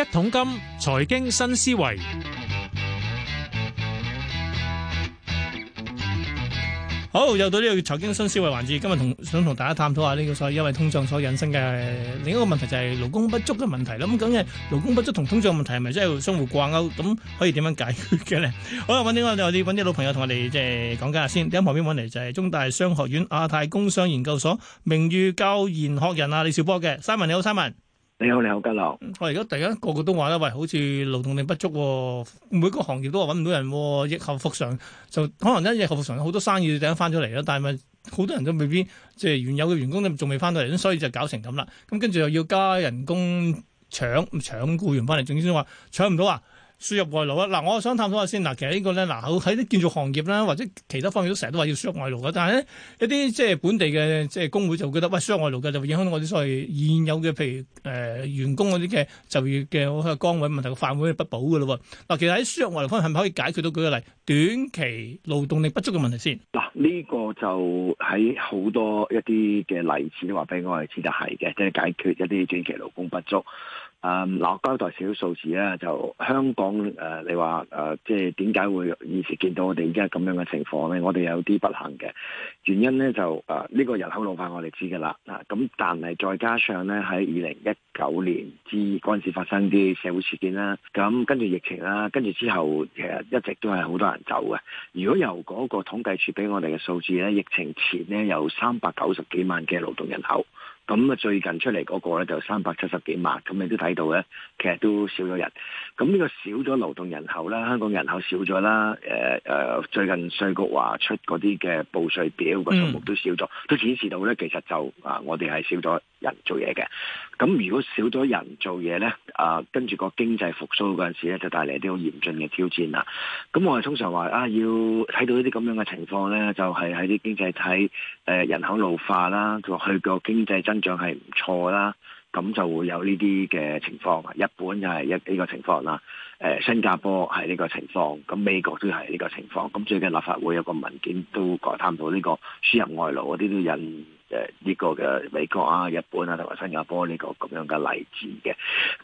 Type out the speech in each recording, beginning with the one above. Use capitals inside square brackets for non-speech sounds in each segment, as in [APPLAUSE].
一桶金財經新思維，好，又到呢個財經新思維環節。今日同想同大家探討下呢個所謂因為通脹所引申嘅另一個問題，就係勞工不足嘅問題啦。咁梗係勞工不足同通脹嘅問題係咪真係相互掛鈎？咁可以點樣解決嘅咧？好，揾啲我哋啲老朋友同我哋即係講解下先。喺旁邊揾嚟就係中大商學院亞太工商研究所名譽教研學人啊，李小波嘅。三文你好，三文。你好，你好，吉樂。我而家大家個個都話啦，喂，好似勞動力不足、哦，每個行業都話揾唔到人、哦，疫後復常就可能一疫後復常好多生意就啱翻咗嚟啦。但係咪好多人都未必即係、就是、原有嘅員工都仲未翻到嚟，所以就搞成咁啦。咁跟住又要加人工搶搶雇員翻嚟，總之先話搶唔到啊！輸入外勞啊！嗱，我想探索下先。嗱，其實個呢個咧，嗱喺啲建築行業啦，或者其他方面都成日都話要輸入外勞嘅。但係咧，一啲即係本地嘅即係工會就會覺得，喂，輸入外勞嘅就會影響到我啲所謂現有嘅譬如誒、呃、員工嗰啲嘅就業嘅嗰個崗位問題，嘅飯碗係不保嘅咯喎。嗱，其實喺輸入外勞方面係咪可以解決到？舉個例，短期勞動力不足嘅問題先。嗱，呢、這個就喺好多一啲嘅例子話俾我哋知得係嘅，即係、就是、解決一啲短期勞工不足。啊，攞、嗯、交代少數字咧，就香港誒、呃，你話誒、呃，即係點解會現時見到我哋而家咁樣嘅情況咧？我哋有啲不幸嘅原因咧，就誒呢、呃這個人口老化我哋知噶啦，啊咁但係再加上咧喺二零一九年之嗰陣時發生啲社會事件啦，咁、啊、跟住疫情啦、啊，跟住之後其實、啊、一直都係好多人走嘅。如果由嗰個統計處俾我哋嘅數字咧，疫情前咧有三百九十幾萬嘅勞動人口。咁啊，最近出嚟嗰個咧就三百七十幾萬，咁你都睇到咧，其實都少咗人。咁呢個少咗勞動人口啦，香港人口少咗啦。誒、呃、誒、呃，最近稅局話出嗰啲嘅報稅表個數目都少咗，都顯示到咧，其實就啊，我哋係少咗人做嘢嘅，咁如果少咗人做嘢呢，啊，跟住個經濟復蘇嗰陣時咧，就帶嚟啲好嚴峻嘅挑戰啦。咁我哋通常話啊，要睇到呢啲咁樣嘅情況呢，就係喺啲經濟體誒人口老化啦，佢個經濟增長係唔錯啦，咁就會有呢啲嘅情況。日本又係一呢個情況啦，誒、呃、新加坡係呢個情況，咁美國都係呢個情況。咁最近立法會有個文件都探討到呢個輸入外勞嗰啲都引。誒，呢個嘅美國啊、日本啊，同埋新加坡呢個咁樣嘅例子嘅，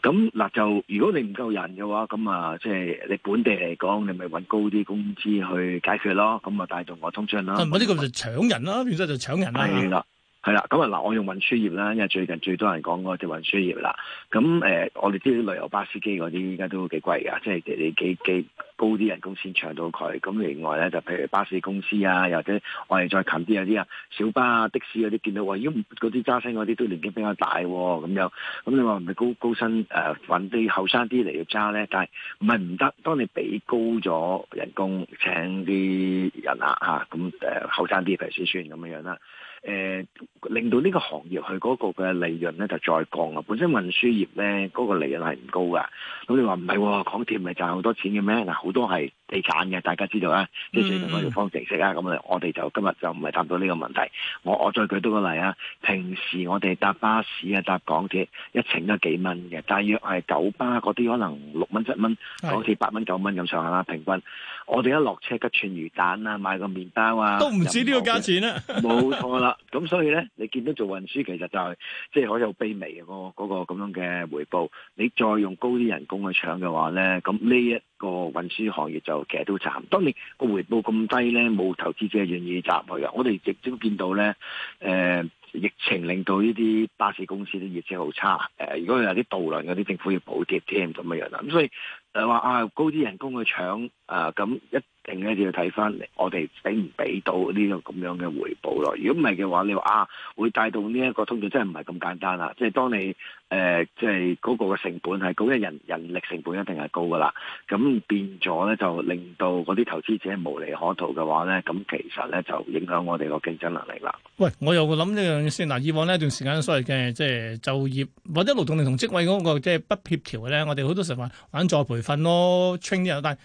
咁嗱，就如果你唔夠人嘅話，咁啊即係你本地嚟講，你咪搵高啲工資去解決咯，咁啊帶動我通脹咯、啊。唔係呢個就搶人啦、啊，變咗就搶人啦、啊。係啦。係啦，咁啊，嗱，我用運輸業啦，因為最近最多人講嗰隻運輸業啦。咁誒、呃，我哋啲旅遊巴司機嗰啲，依家都幾貴噶，即係幾幾幾高啲人工先搶到佢。咁另外咧，就譬如巴士公司啊，或者我哋再近啲有啲啊，小巴啊、的士嗰啲，見到話，咦，嗰啲揸車嗰啲都年紀比較大喎、啊，咁樣，咁你話唔係高高薪誒揾啲後生啲嚟要揸咧？但係唔係唔得，當你俾高咗人工請啲人啊。嚇、啊，咁誒後生啲譬如先算咁樣樣啦。誒，令到呢個行業佢嗰個嘅利潤咧就再降啦。本身運輸業咧嗰、嗰個利潤係唔高噶，咁你話唔係？嗯、港鐵唔係賺好多錢嘅咩？嗱，好多係地產嘅，大家知道啦。即係最近嗰條方程式啊，咁、嗯、我哋就今日就唔係答到呢個問題。我我再舉多個例啊，平時我哋搭巴士啊，搭港鐵一程都幾蚊嘅，大約係九巴嗰啲可能六蚊七蚊，港鐵八蚊九蚊咁上下啦，平均。我哋一落車吉串魚蛋啊，買個麵包啊，都唔止呢個價錢啦、啊。冇 [LAUGHS] 錯啦，咁所以咧，你見到做運輸其實就係即係好有卑微嘅、那個嗰、那個咁樣嘅回報。你再用高啲人工去搶嘅話咧，咁呢一個運輸行業就其實都慘。當你個回報咁低咧，冇投資者願意入去啊。我哋亦都見到咧，誒、呃、疫情令到呢啲巴士公司啲業績好差。誒、呃，如果有啲渡輪嗰啲政府要補貼添咁嘅樣啦。咁所以話啊、呃，高啲人工去搶，啊，咁一定咧，就要睇翻我哋俾唔俾到呢個咁樣嘅回報咯。如果唔係嘅話，你話啊，會帶動呢一個通脹，真係唔係咁簡單啦。即係當你誒、呃，即係嗰個嘅成本係高，因為人人力成本一定係高噶啦。咁變咗咧，就令到嗰啲投資者無利可圖嘅話咧，咁其實咧就影響我哋個競爭能力啦。喂，我又會諗一樣嘢先嗱，以往呢一段時間所謂嘅即係就業或者勞動力同職位嗰、嗰個即係不協調嘅咧，我哋好多時候話玩再培訓咯，train 啲人，但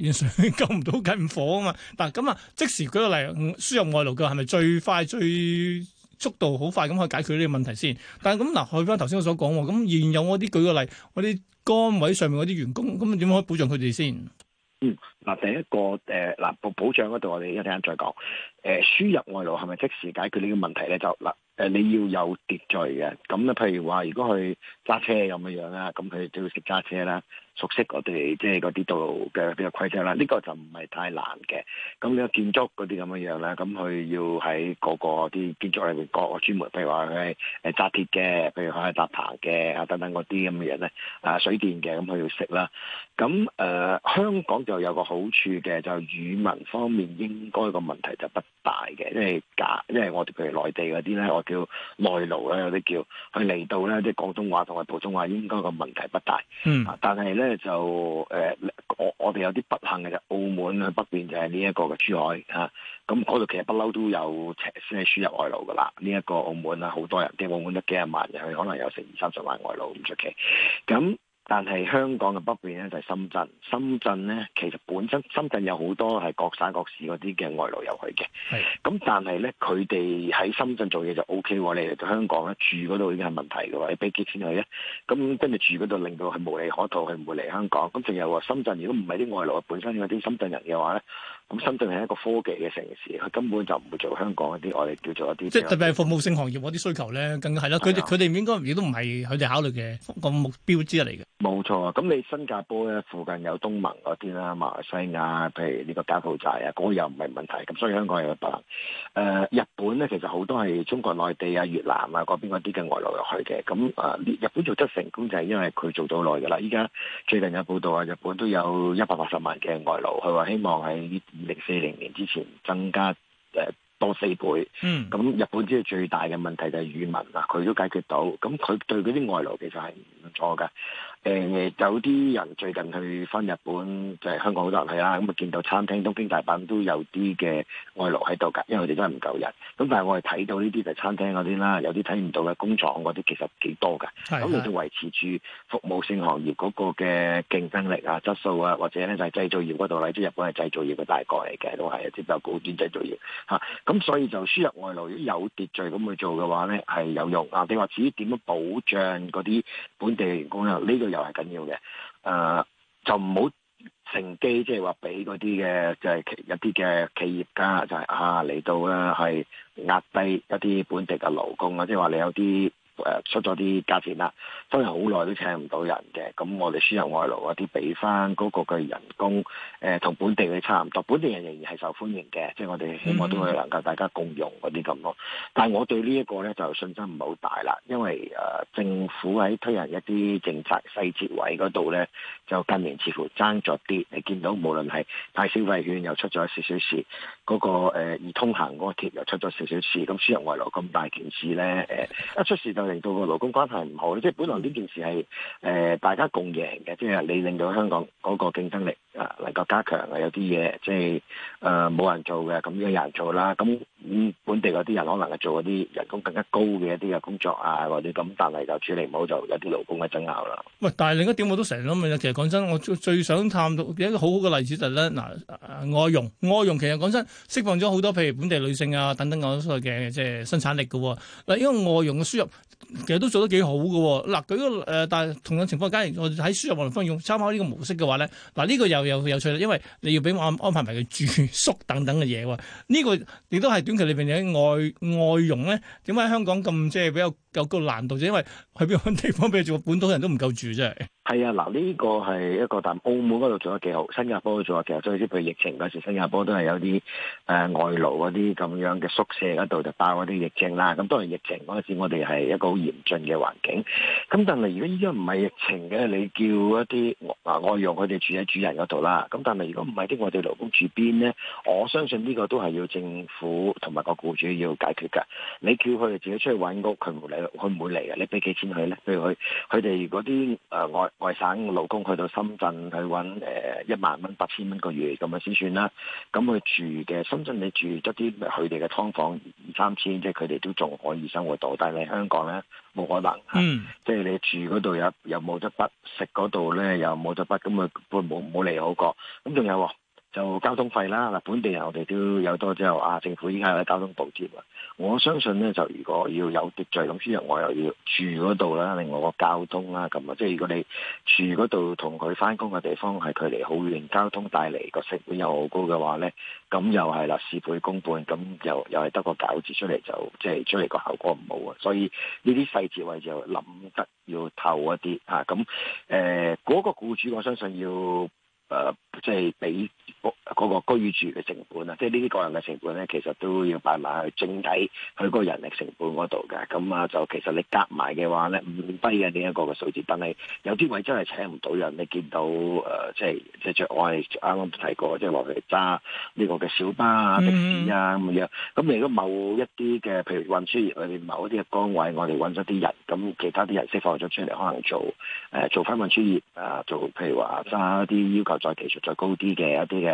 完全 [LAUGHS] 救唔到近火啊嘛！嗱咁啊，即時舉個例，輸入外勞嘅係咪最快最速度好快咁去解決呢個問題先？但係咁嗱，去翻頭先我所講喎，咁現有我啲舉個例，我啲崗位上面嗰啲員工，咁點樣可以保障佢哋先？嗯，嗱第一個誒嗱保保障嗰度，我哋一陣間再講。誒輸入外勞係咪即時解決呢個問題咧？就嗱誒、呃、你要有秩序嘅，咁咧譬如話如果係。揸車又咁樣啦，咁佢都要識揸車啦，熟悉我哋即係嗰啲道路嘅比較規則啦。呢、這個就唔係太難嘅。咁呢個建築嗰啲咁樣樣啦，咁佢要喺個個啲建築裏邊各個專門，譬如話佢係誒紮鐵嘅，譬如佢係搭棚嘅啊等等嗰啲咁嘅嘢咧。啊，水電嘅咁佢要識啦。咁誒、呃、香港就有個好處嘅，就語文方面應該個問題就不大嘅，因為架，因為我哋譬如內地嗰啲咧，我叫內勞啦，有啲叫佢嚟到咧，即係廣東話。我普通話應該個問題不大，嗯、但係咧就誒、呃，我我哋有啲不幸嘅就澳門嘅、啊、北邊就係呢一個嘅珠海嚇，咁嗰度其實不嬲都有些輸入外勞嘅啦，呢、這、一個澳門啦、啊，好多人啲澳門得幾廿萬人，佢可能有成二三十萬外勞唔出奇，咁。嗯但係香港嘅北邊咧就係深圳，深圳咧其實本身深圳有好多係各省各市嗰啲嘅外勞入去嘅，咁是但係咧佢哋喺深圳做嘢就 O K 喎，你嚟到香港咧住嗰度已經係問題嘅喎，你畀幾錢去咧，咁跟住住嗰度令到佢無利可圖，佢唔會嚟香港。咁仲有話深圳如果唔係啲外勞，本身有啲深圳人嘅話咧，咁深圳係一個科技嘅城市，佢根本就唔會做香港嗰啲我哋叫做一啲，即係特別係服務性行業嗰啲需求咧，更加係啦。佢哋佢哋應該亦都唔係佢哋考慮嘅個目標之一嚟嘅。冇錯啊！咁你新加坡咧，附近有東盟嗰啲啦，馬來西亞，譬如呢個柬埔寨啊，嗰、那個又唔係問題。咁所以香港又有得。誒、呃，日本咧其實好多係中國內地啊、越南啊嗰邊嗰啲嘅外勞入去嘅。咁啊、呃，日本做得成功就係因為佢做咗耐嘅啦。依家最近有報道話，日本都有一百八十萬嘅外勞，佢話希望喺二零四零年之前增加誒、呃、多四倍。咁、嗯、日本知道最大嘅問題就係語文啊，佢都解決到。咁佢對嗰啲外勞其實係唔錯嘅。誒、欸、有啲人最近去翻日本，就係、是、香港好多人去啦，咁啊見到餐廳東京大阪都有啲嘅外勞喺度㗎，因為佢哋真係唔夠人。咁但係我哋睇到呢啲就係餐廳嗰啲啦，有啲睇唔到嘅工廠嗰啲其實幾多㗎，咁你就維持住服務性行業嗰個嘅競爭力啊、質素啊，或者咧就係製造業嗰度，即係日本係製造業嘅大國嚟嘅，都係比較高端製造業嚇。咁、啊、所以就輸入外勞有秩序咁去做嘅話咧，係有用。啊。你話至於點樣保障嗰啲本地員工呢、呢個又係緊要嘅，誒就唔好乘機。即係話俾嗰啲嘅就係有啲嘅企業家就係啊嚟到咧係壓低一啲本地嘅勞工啊，即係話你有啲。出咗啲價錢啦，都係好耐都請唔到人嘅。咁我哋輸入外勞嗰啲俾翻嗰個嘅人工，誒、呃、同本地嘅差唔多，本地人仍然係受歡迎嘅，即係我哋希望都可以能夠大家共用嗰啲咁咯。但係我對呢一個咧就信心唔係好大啦，因為誒、呃、政府喺推行一啲政策細節位嗰度咧，就近年似乎爭咗啲，你見到無論係派消費券又出咗少少事，嗰、那個易、呃、通行嗰條又出咗少少事，咁輸入外勞咁大件事咧，誒、呃、一出事就。令到個勞工關係唔好，即係本來呢件事係誒、呃、大家共贏嘅，即係你令到香港嗰個競爭力。能夠加強啊，有啲嘢即係誒冇人做嘅，咁而家有人做啦。咁本地嗰啲人可能係做嗰啲人工更加高嘅一啲嘅工作啊，或者咁，但係就處理唔好，就有啲勞工嘅爭拗啦。喂，但係另一點我都成日諗嘅，其實講真，我最想探討一個好好嘅例子就係、是、咧，嗱外傭，外傭其實講真，釋放咗好多譬如本地女性啊等等所樣嘅即係生產力嘅。嗱、呃呃，因為外傭嘅輸入其實都做得幾好嘅。嗱、呃，舉個誒、呃，但係同樣情況，假如我喺輸入方面用參考呢個模式嘅話咧，嗱、呃、呢、這個又。有有趣啦，因為你要俾我安安排埋佢住宿等等嘅嘢喎，呢、這個亦都係短期裏邊嘅外外傭咧。點解香港咁即係比較有高難度，就因為去邊搵地方俾住，本土人都唔夠住啫。真係啊，嗱呢、這個係一個但澳門嗰度做得幾好，新加坡佢做得幾好。其實，最先譬如疫情嗰時，新加坡都係有啲誒、呃、外勞嗰啲咁樣嘅宿舍嗰度就爆一啲疫症啦。咁當然疫情嗰陣、嗯、時，我哋係一個好嚴峻嘅環境。咁、嗯、但係如果依家唔係疫情嘅，你叫一啲嗱外傭佢哋住喺主人嗰度啦。咁、嗯、但係如果唔係啲外地勞工住邊咧？我相信呢個都係要政府同埋個僱主要解決㗎。你叫佢哋自己出去揾屋，佢唔嚟，佢唔會嚟嘅。你俾幾錢佢咧？譬如佢佢哋嗰啲誒外。呃外省老公去到深圳去揾誒、呃、一萬蚊八千蚊個月咁樣先算啦，咁佢住嘅深圳你住得啲佢哋嘅劏房二三千，即係佢哋都仲可以生活到，但係你香港咧冇可能，啊嗯、即係你住嗰度又有冇得筆食嗰度咧又冇得筆，咁咪冇冇嚟好過，咁仲有。就交通費啦，嗱，本地人我哋都有多之後啊，政府依家有交通補貼啊。我相信咧，就如果要有秩序咁，輸入我又要住嗰度啦，另外個交通啦咁啊，即係如果你住嗰度同佢翻工嘅地方係距離好遠，交通帶嚟個成本又好高嘅話咧，咁又係啦，事倍功半，咁又又係得個餃子出嚟就即係、就是、出嚟個效果唔好啊。所以呢啲細節位就諗得要透一啲嚇，咁誒嗰個僱主我相信要誒即係俾。呃就是嗰個居住嘅成本啊，即係呢啲個人嘅成本咧，其實都要擺埋去整體佢個人力成本嗰度嘅。咁、嗯、啊，就其實你夾埋嘅話咧，唔低嘅另一個嘅數字，但係有啲位真係請唔到人，你見到誒，即係即係我哋啱啱提過，即係話譬如揸呢個嘅小巴啊、的士啊咁樣。咁如果某一啲嘅，譬如運輸業裏邊某一啲嘅崗位，我哋揾咗啲人，咁其他啲人釋放咗出嚟，可能做誒做翻運輸業啊，做譬如話揸一啲要求再技術再高啲嘅一啲嘅。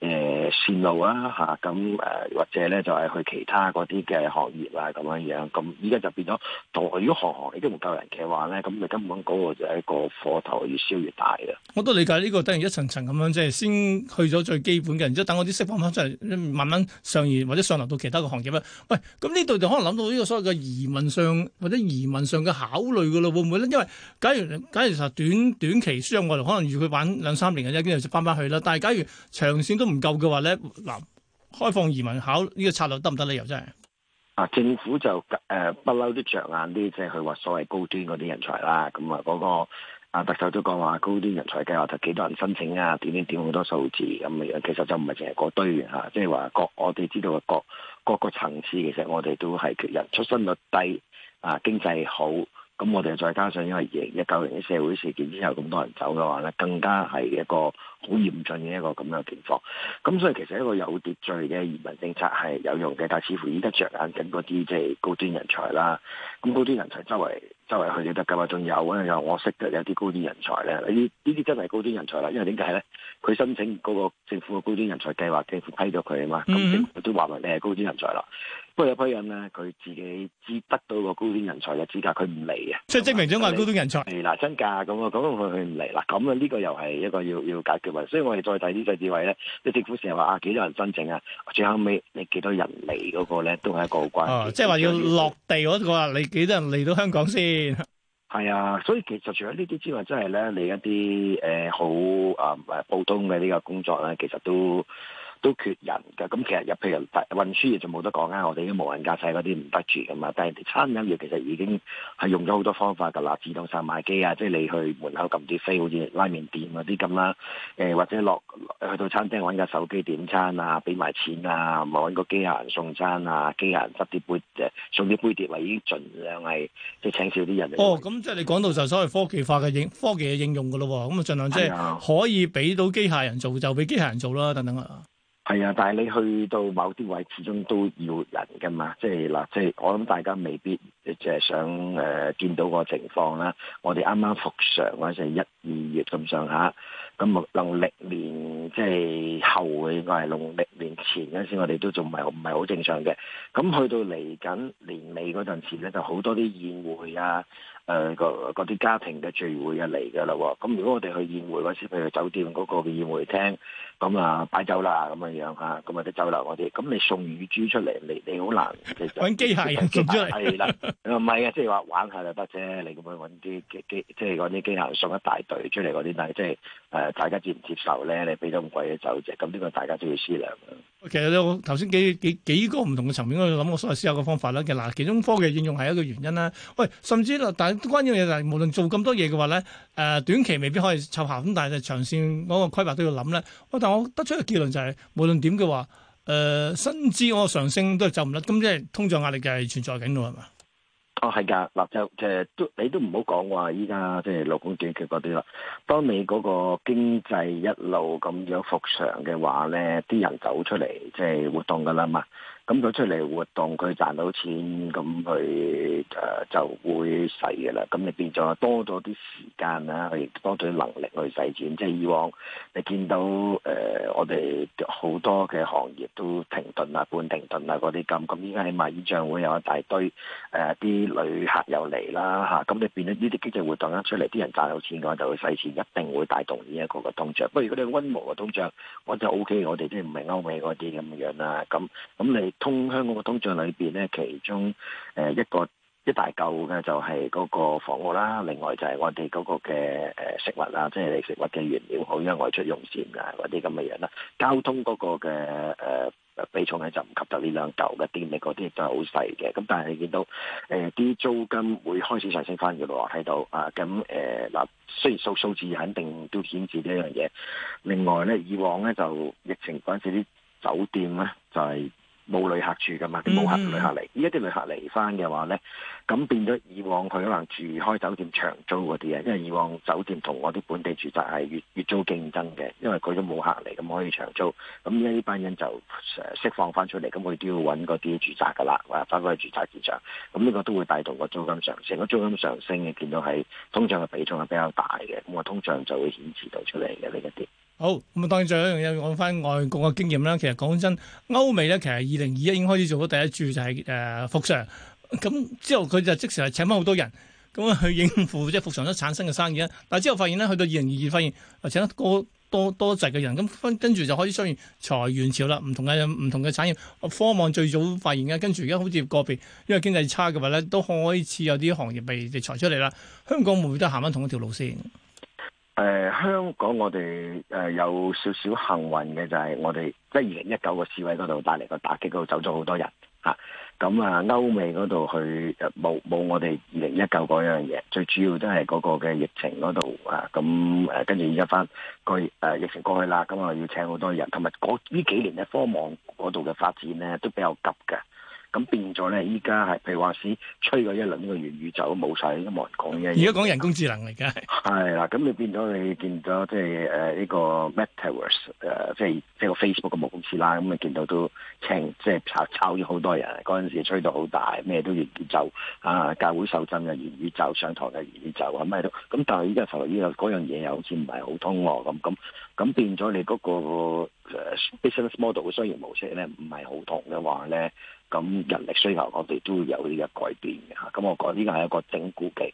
誒、嗯、線路啊，嚇、啊，咁誒或者咧就係去其他嗰啲嘅行業啊咁樣樣，咁依家就變咗代如果行行已經唔夠人嘅話咧，咁咪根本嗰個就係一個火頭越燒越大嘅。我都理解呢、呢個，等於一層層咁樣即係先去咗最基本嘅，然之後等我啲釋放翻出嚟，慢慢上移或者上流到其他嘅行業啦。喂，咁呢度就可能諗到呢個所謂嘅移民上或者移民上嘅考慮㗎啦，會唔會咧？因為假如假如其實短短期我哋可能預佢玩兩三年嘅，已經就翻返去啦。但係假如長線都，唔夠嘅話咧，嗱，開放移民考呢個策略得唔得理由？真係啊，政府就誒不嬲都着眼啲，即係佢話所謂高端嗰啲人才啦。咁、嗰個、啊，嗰個阿特首都講話高端人才計劃就幾多人申請啊？點點點好多數字咁樣、嗯，其實就唔係淨係嗰堆吓。即係話各我哋知道嘅各各個層次，其實我哋都係人出生率低啊，經濟好。咁我哋再加上因為二零一九年嘅社會事件之後咁多人走嘅話咧，更加係一個好嚴峻嘅一個咁樣嘅情況。咁所以其實一個有秩序嘅移民政策係有用嘅，但係似乎依家着眼緊嗰啲即係高端人才啦。咁高端人才周圍周圍去得得嘅嘛，仲有咧，有我識得有啲高端人才咧。呢呢啲真係高端人才啦，因為點解咧？佢申請嗰個政府嘅高端人才計劃，政府批咗佢啊嘛，咁政府都話明你係高端人才啦。批有批人啊！佢自己知得到個高端人才嘅資格，佢唔嚟啊！即係證明咗我係高端人才。係嗱、嗯，真㗎咁啊，講到佢佢唔嚟啦。咁啊，呢個又係一個要要解決問題。所以我哋再睇啲細節位咧，即政府成日話啊，幾多人申請啊？最後尾你幾多人嚟嗰個咧，都係一個好關鍵，啊。即係話要落地嗰，那個啊，你幾多人嚟到香港先？係啊，所以其實除咗呢啲之外，真係咧，你一啲誒好啊，啊普通嘅呢個工作咧，其實都。都缺人噶，咁其實入譬如大運輸業就冇得講啦，我哋啲無人駕駛嗰啲唔得住噶嘛。但係人哋餐飲業其實已經係用咗好多方法噶啦，自動售賣機啊，即係你去門口撳啲飛，好似拉麵店嗰啲咁啦。誒或者落去到餐廳揾架手機點餐啊，俾埋錢啊，咪揾個機械人送餐啊，機械人執啲杯送啲杯碟，或者已經盡量係即係請少啲人嚟。哦，咁即係你講到就所謂科技化嘅應科技嘅應用噶咯，咁啊盡量即係可以俾到機械人做就俾機械人做啦，等等啊。係、哎、啊，但係你去到某啲位，始終都要人㗎嘛。即係嗱，即係我諗大家未必就係想誒、呃、見到個情況啦。我哋啱啱復常，我哋一、二月咁上下，咁農曆年即係後嘅，應該係農曆年前嗰陣時，我哋都仲唔係唔係好正常嘅。咁去到嚟緊年尾嗰陣時咧，就好多啲宴會啊，誒嗰啲家庭嘅聚會啊嚟㗎啦。咁如果我哋去宴會嗰時，譬如酒店嗰個嘅宴會廳。咁啊、嗯，擺酒啦，咁嘅樣嚇，咁啊啲酒樓嗰啲，咁、嗯嗯、你送乳豬出嚟，你你好難，揾 [LAUGHS] 機械人送出嚟，係啦，唔係 [LAUGHS] 啊，即係話玩下就得啫，你咁樣揾啲機機，即係嗰啲機械人送一大隊出嚟嗰啲，但係即係誒、呃、大家接唔接受咧？你俾咗咁貴嘅酒席，咁呢個大家都要思量。其實咧，我頭先幾幾幾個唔同嘅層面，我諗我所謂私有嘅方法啦。其實嗱，其中科技應用係一個原因啦。喂，甚至啦，但係關鍵嘅嘢就係，無論做咁多嘢嘅話咧，誒、呃，短期未必可以湊效，咁但係長線嗰個規劃都要諗咧。喂，但我得出嘅結論就係、是，無論點嘅話，誒、呃，薪資我上升都係走唔甩，咁即係通脹壓力嘅係存在緊嘅係嘛？是哦，係噶，嗱就即係都，你都唔好講話依家即係勞工短缺嗰啲啦。當你嗰個經濟一路咁樣復常嘅話咧，啲人走出嚟即係活動噶啦嘛。咁佢出嚟活動，佢賺到錢，咁佢誒就會使噶啦。咁你變咗多咗啲時間啦，去多咗啲能力去使錢。即係以往你見到誒、呃，我哋好多嘅行業都停頓啦、半停頓啦嗰啲咁。咁依家起碼演唱會有一大堆誒啲旅客又嚟啦嚇。咁、啊、你變咗呢啲經濟活動一出嚟，啲人賺到錢嘅話，就會使錢，一定會帶動呢一個嘅通脹。不過如果你温和嘅通脹，我就 O K。我哋啲唔係歐美嗰啲咁樣啦。咁咁你。通香港嘅通脹裏邊咧，其中誒一個一大嚿嘅就係嗰個房屋啦，另外就係我哋嗰個嘅誒食物啦，即係你食物嘅原料，好因為外出用膳啊，或者咁嘅嘢啦。交通嗰個嘅誒、呃、比重咧就唔及得呢兩嚿嘅，電力嗰啲就好細嘅。咁但係你見到誒啲、呃、租金會開始上升翻嘅咯，睇到啊咁誒嗱，雖然數數字肯定都顯示呢樣嘢。另外咧，以往咧就疫情嗰陣時啲酒店咧就係、是。冇旅客住噶嘛？啲冇客，旅客嚟。依家啲旅客嚟翻嘅話咧，咁變咗以往佢可能住開酒店長租嗰啲啊，因為以往酒店同我啲本地住宅係月月租競爭嘅，因為佢都冇客嚟，咁可以長租。咁依家呢班人就釋放翻出嚟，咁佢都要揾嗰啲住宅噶啦，翻翻去住宅市場。咁呢個都會帶動個租金上升。個租金上升嘅，見到係通脹嘅比重係比較大嘅，咁我通脹就會顯示到出嚟嘅呢一啲。好咁啊！當然，最後一樣嘢要講翻外國嘅經驗啦。其實講真，歐美咧，其實二零二一已經開始做咗第一注，就係誒復常。咁、呃嗯、之後佢就即時係請翻好多人，咁、嗯、去應付即係復常都產生嘅生意啦。但係之後發現咧，去到二零二二發現，過請得多多多滯嘅人，咁、嗯、跟跟住就開始出現裁員潮啦。唔同嘅唔同嘅產業，科網最早發現嘅，跟住而家好似個別因為經濟差嘅話咧，都開始有啲行業被就裁出嚟啦。香港會唔會都行翻同一條路線？誒、呃，香港我哋誒、呃、有少少幸運嘅就係我哋即係二零一九個示威嗰度帶嚟個打擊嗰度走咗好多人吓，咁啊歐、啊、美嗰度去冇冇、啊、我哋二零一九嗰樣嘢，最主要都係嗰個嘅疫情嗰度啊，咁誒跟住而家翻過誒疫情過去啦，咁啊要請好多人，同埋呢幾年咧科網嗰度嘅發展咧都比較急㗎。咁變咗咧，依家係譬如話先吹過一輪呢個元宇宙，都冇晒，都冇人講嘅。而家講人工智能嚟嘅係係啦，咁你變咗你見到即係誒呢個 Metaverse 誒、呃，即係即係個 Facebook 嘅母公司啦。咁你見到都即係炒炒咗好多人。嗰陣時吹到好大，咩都元宇宙啊，教會受浸嘅元宇宙，上堂嘅元宇宙，咁咩都。咁但係依家頭嚟嗰樣嘢又好似唔係好通喎，咁咁咁變咗你嗰、那個、呃、business model 嘅商業模式咧，唔係好同嘅話咧。咁人力需求我哋都會有呢個改變嘅嚇，咁、嗯嗯、我講呢個係一個整估計，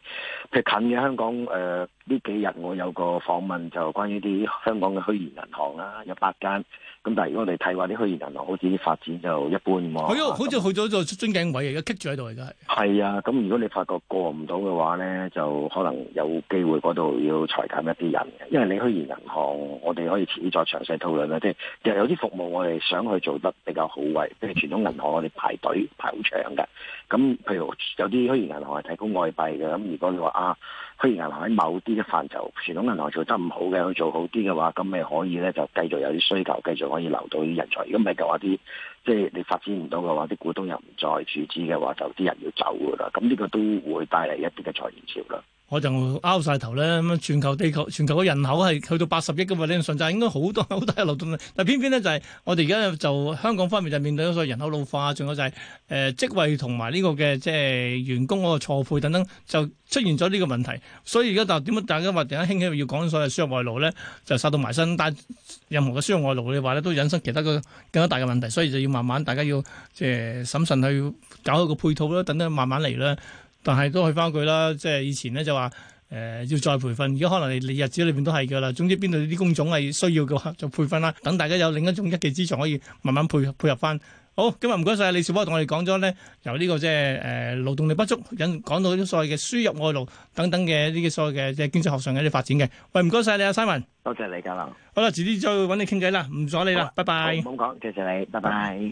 譬如近嘅香港誒。呃呢幾日我有個訪問，就關於啲香港嘅虛擬銀行啦、啊，有八間。咁但係如果我哋睇話，啲虛擬銀行好似啲發展就一般喎。係好似去咗個樽頸位，而家棘住喺度。而家係啊，咁如果你發覺過唔到嘅話咧，就可能有機會嗰度要裁減一啲人嘅。因為你虛擬銀行，我哋可以遲啲再詳細討論啦。即係又有啲服務我哋想去做得比較好位，即係傳統銀行我哋排隊排好長嘅。咁譬如有啲虛擬銀行係提供外幣嘅，咁如果你話啊。譬如銀行喺某啲嘅範疇，傳統銀行做得唔好嘅，去做好啲嘅話，咁咪可以咧就繼續有啲需求，繼續可以留到啲人才。如果唔係，就一啲即係你發展唔到嘅話，啲股東又唔再注資嘅話，就啲人要走噶啦。咁呢個都會帶嚟一啲嘅裁員潮啦。我就拗晒頭啦！咁全球地球全球嘅人口係去到八十億嘅嘛，理論上就應該好多好大嘅勞動力，但偏偏呢，就係、是、我哋而家就香港方面就面對咗所有人口老化，仲有就係、是、誒、呃、職位同埋呢個嘅即係員工嗰個錯配等等，就出現咗呢個問題。所以而家就點解大家話而家興起要講所謂輸入外勞咧，就殺到埋身。但任何嘅輸入外勞嘅話咧，都引申其他嘅更加大嘅問題，所以就要慢慢大家要即係、呃、審慎去搞一個配套啦，等等慢慢嚟啦。但係都去翻佢啦，即係以前咧就話，誒、呃、要再培訓，而家可能你日子裏邊都係噶啦。總之邊度啲工種係需要嘅話就培訓啦，等大家有另一種一技之長可以慢慢配配合翻。好，今日唔該晒李小波同我哋講咗咧，由呢、這個即係誒勞動力不足引講到啲所謂嘅輸入外勞等等嘅呢啲所謂嘅即係經濟學上嘅一啲發展嘅。喂，唔該晒你啊，Simon 多謝你嘉啦。好啦，遲啲再揾你傾偈啦，唔阻你啦，哇拜拜。唔好講，多謝、謝你，拜拜。